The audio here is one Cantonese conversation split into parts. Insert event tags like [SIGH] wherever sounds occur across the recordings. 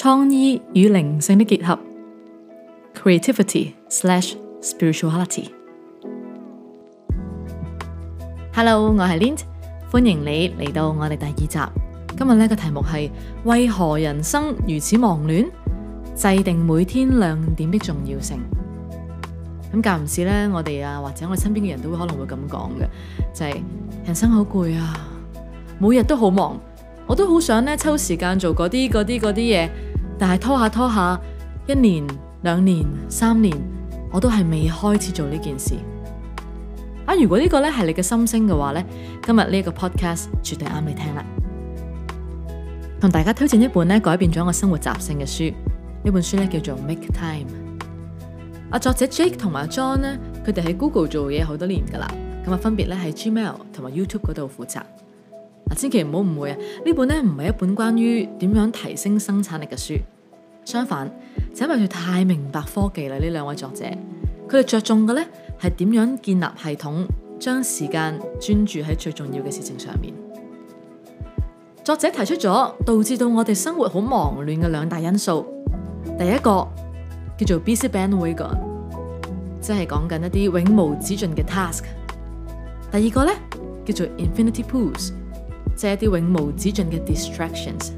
創意與靈性的結合，creativity slash spirituality。Hello，我係 Lind，歡迎你嚟到我哋第二集。今日呢、這個題目係為何人生如此忙亂？制定每天亮點的重要性。咁間唔時呢，我哋啊或者我身邊嘅人都可能會咁講嘅，就係、是、人生好攰啊，每日都好忙，我都好想咧抽時間做嗰啲嗰啲嗰啲嘢。但係拖下拖下，一年、兩年、三年，我都係未開始做呢件事。啊，如果這個呢個係你嘅心聲嘅話呢，今日呢個 podcast 絕對啱你聽啦。同大家推薦一本改變咗我生活習性嘅書，呢本書呢叫做《Make Time》。啊，作者 Jake 同埋，啊，John 他佢哋喺 Google 做嘢好多年噶，啊，分別在喺 Gmail 同埋 YouTube 嗰度負責。千祈唔好誤會啊！呢本咧唔係一本關於點樣提升生產力嘅書，相反，就因為佢太明白科技啦。呢兩位作者，佢哋着重嘅咧係點樣建立系統，將時間專注喺最重要嘅事情上面。作者提出咗導致到我哋生活好忙亂嘅兩大因素，第一個叫做 Busy Bandwagon，即係講緊一啲永無止盡嘅 Task；第二個咧叫做 Infinity Pools。借啲永無止盡嘅 distractions。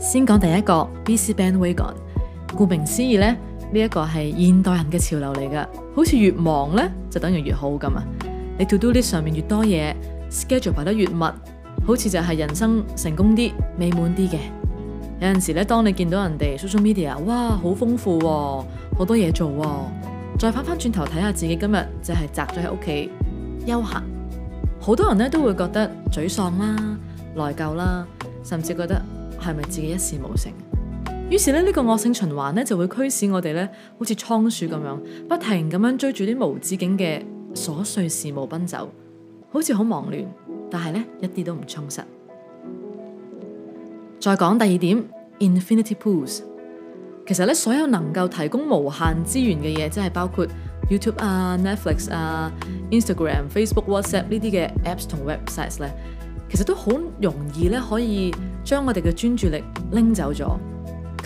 先講第一個 busy bandwagon。顧名思義咧，呢一個係現代人嘅潮流嚟㗎。好似越忙咧，就等於越好咁啊！你 to do list 上面越多嘢，schedule 排得越密，好似就係人生成功啲、美滿啲嘅。有陣時咧，當你見到人哋 social media，哇，好豐富喎，好多嘢做喎，再返返轉頭睇下自己今日就係宅咗喺屋企休閒。好多人都會覺得沮喪啦、內疚啦，甚至覺得係咪自己一事無成？於是咧，呢個惡性循環咧就會驅使我哋咧好似倉鼠咁樣，不停咁樣追住啲無止境嘅瑣碎事物奔走，好似好忙亂，但係呢一啲都唔充實。再講第二點，Infinity Pools，其實呢，所有能夠提供無限資源嘅嘢，即係包括。YouTube 啊、Netflix 啊、Instagram、Facebook、WhatsApp 呢啲嘅 apps 同 websites 咧，其實都好容易咧，可以將我哋嘅專注力拎走咗，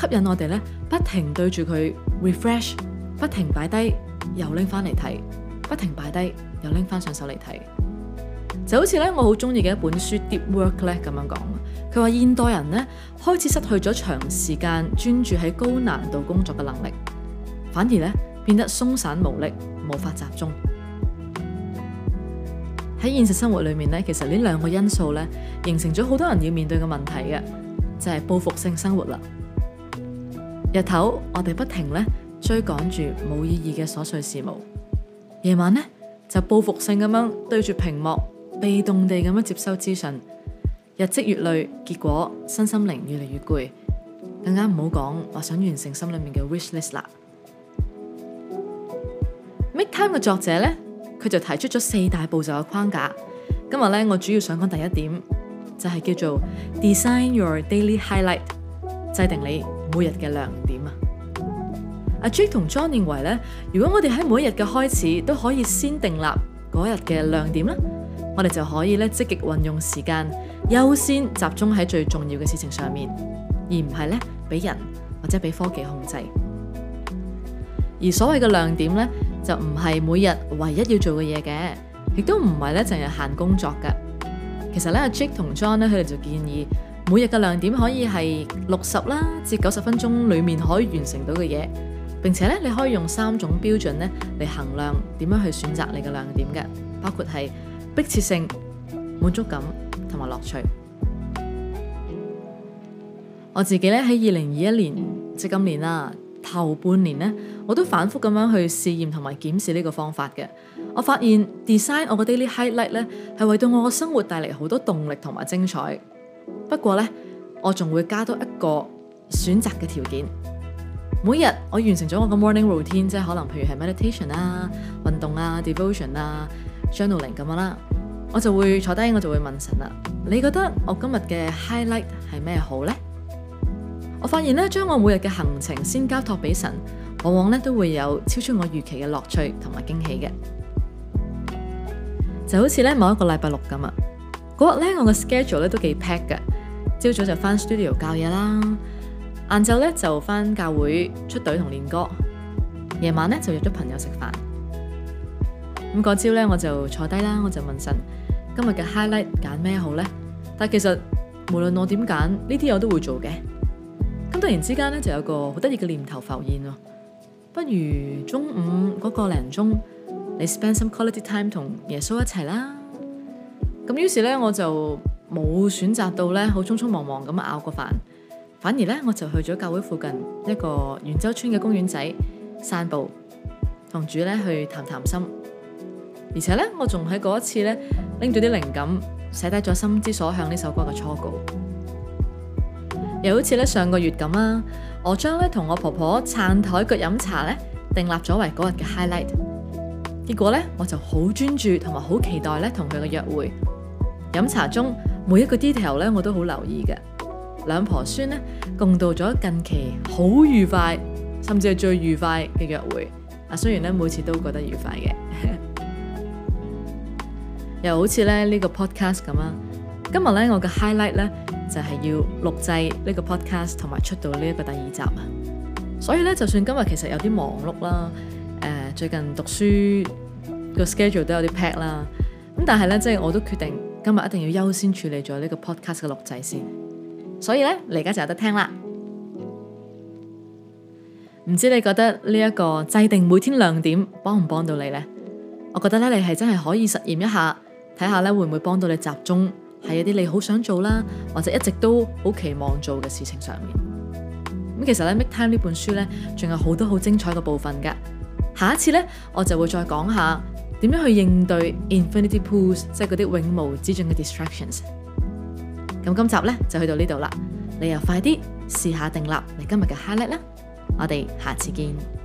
吸引我哋咧不停對住佢 refresh，不停擺低又拎翻嚟睇，不停擺低又拎翻上手嚟睇。就好似咧我好中意嘅一本書《Deep Work》咧咁樣講，佢話現代人咧開始失去咗長時間專注喺高難度工作嘅能力，反而咧。變得鬆散無力，無法集中。喺現實生活裏面呢，其實呢兩個因素呢，形成咗好多人要面對嘅問題嘅，就係報復性生活啦。日頭我哋不停咧追趕住冇意義嘅瑣碎事物；夜晚呢，就報復性咁樣對住屏幕，被動地咁樣接收資訊，日積月累，結果身心靈越嚟越攰，更加唔好講話想完成心裏面嘅 wish list 啦。Big Time》嘅作者咧，佢就提出咗四大步驟嘅框架。今日咧，我主要想講第一點就係叫做 Design Your Daily Highlight，制定你每日嘅亮點啊。阿 Jake 同 John 認為咧，如果我哋喺每日嘅開始都可以先定立嗰日嘅亮點咧，我哋就可以咧積極運用時間，優先集中喺最重要嘅事情上面，而唔係咧俾人或者俾科技控制。而所謂嘅亮點咧。就唔係每日唯一要做嘅嘢嘅，亦都唔係咧淨係限工作嘅。其實呢，阿 Jack 同 John 咧，佢哋就建議每日嘅亮點可以係六十啦至九十分鐘裏面可以完成到嘅嘢，並且呢，你可以用三種標準呢嚟衡量點樣去選擇你嘅亮點嘅，包括係迫切性、滿足感同埋樂趣。我自己呢，喺二零二一年，即今年啦。頭半年咧，我都反覆咁樣去試驗同埋檢視呢個方法嘅。我發現 design 我個 daily highlight 咧，係為到我個生活帶嚟好多動力同埋精彩。不過咧，我仲會加多一個選擇嘅條件。每日我完成咗我個 morning routine，即係可能譬如係 meditation 啊、運動啊、devotion 啊、journaling 咁樣啦，我就會坐低，我就會問神啦：「你覺得我今日嘅 highlight 係咩好呢？」我發現將我每日嘅行程先交託俾神，我往往咧都會有超出我預期嘅樂趣同埋驚喜嘅。就好似咧，某一個禮拜六咁啊，嗰日我嘅 schedule 都幾 pack 噶，朝早上就返 studio 教嘢啦，晏晝就返教會出隊同練歌，夜晚咧就約咗朋友食飯。咁嗰朝我就坐低啦，我就問神「今日嘅 highlight 揀咩好呢？」但其實無論我點揀，呢啲我都會做嘅。突然之間咧，就有個好得意嘅念頭浮現咯。不如中午嗰個零鐘，你 spend some quality time 同耶穌一齊啦。咁於是咧，我就冇選擇到咧，好匆匆忙忙咁咬過飯，反而咧我就去咗教會附近一個圓洲村嘅公園仔散步，同主咧去談談心。而且咧，我仲喺嗰一次咧拎到啲靈感，寫低咗《心之所向》呢首歌嘅初稿。又好似呢上個月咁啊，我將呢同我婆婆撐枱腳飲茶呢訂立咗為嗰日嘅 highlight。結果我就好專注同埋好期待呢同佢嘅約會。飲茶中每一個 detail 呢我都好留意嘅。兩婆孫呢，共度咗近期好愉快，甚至係最愉快嘅約會。雖然呢每次都覺得愉快嘅， [LAUGHS] 又好似呢個 podcast 咁啊。今日咧，我嘅 highlight 咧就係要錄製呢個 podcast，同埋出到呢一個第二集啊。所以咧，就算今日其實有啲忙碌啦，誒、呃，最近讀書個 schedule 都有啲 pack 啦。咁但係咧，即係我都決定今日一定要優先先處理咗呢個 podcast 嘅錄製先。所以咧，你而家就有得聽啦。唔知你覺得呢一個制定每天亮點幫唔幫到你咧？我覺得咧，你係真係可以實驗一下，睇下咧會唔會幫到你集中。係有啲你好想做啦，或者一直都好期望做嘅事情上面。咁其實咧《Make Time》呢本書咧，仲有好多好精彩嘅部分噶。下一次咧，我就會再講下點樣去應對 Infinity Pools，即係嗰啲永無止盡嘅 distractions。咁今集咧就去到呢度啦。你又快啲試下訂立你今日嘅 highlight 啦。我哋下次見。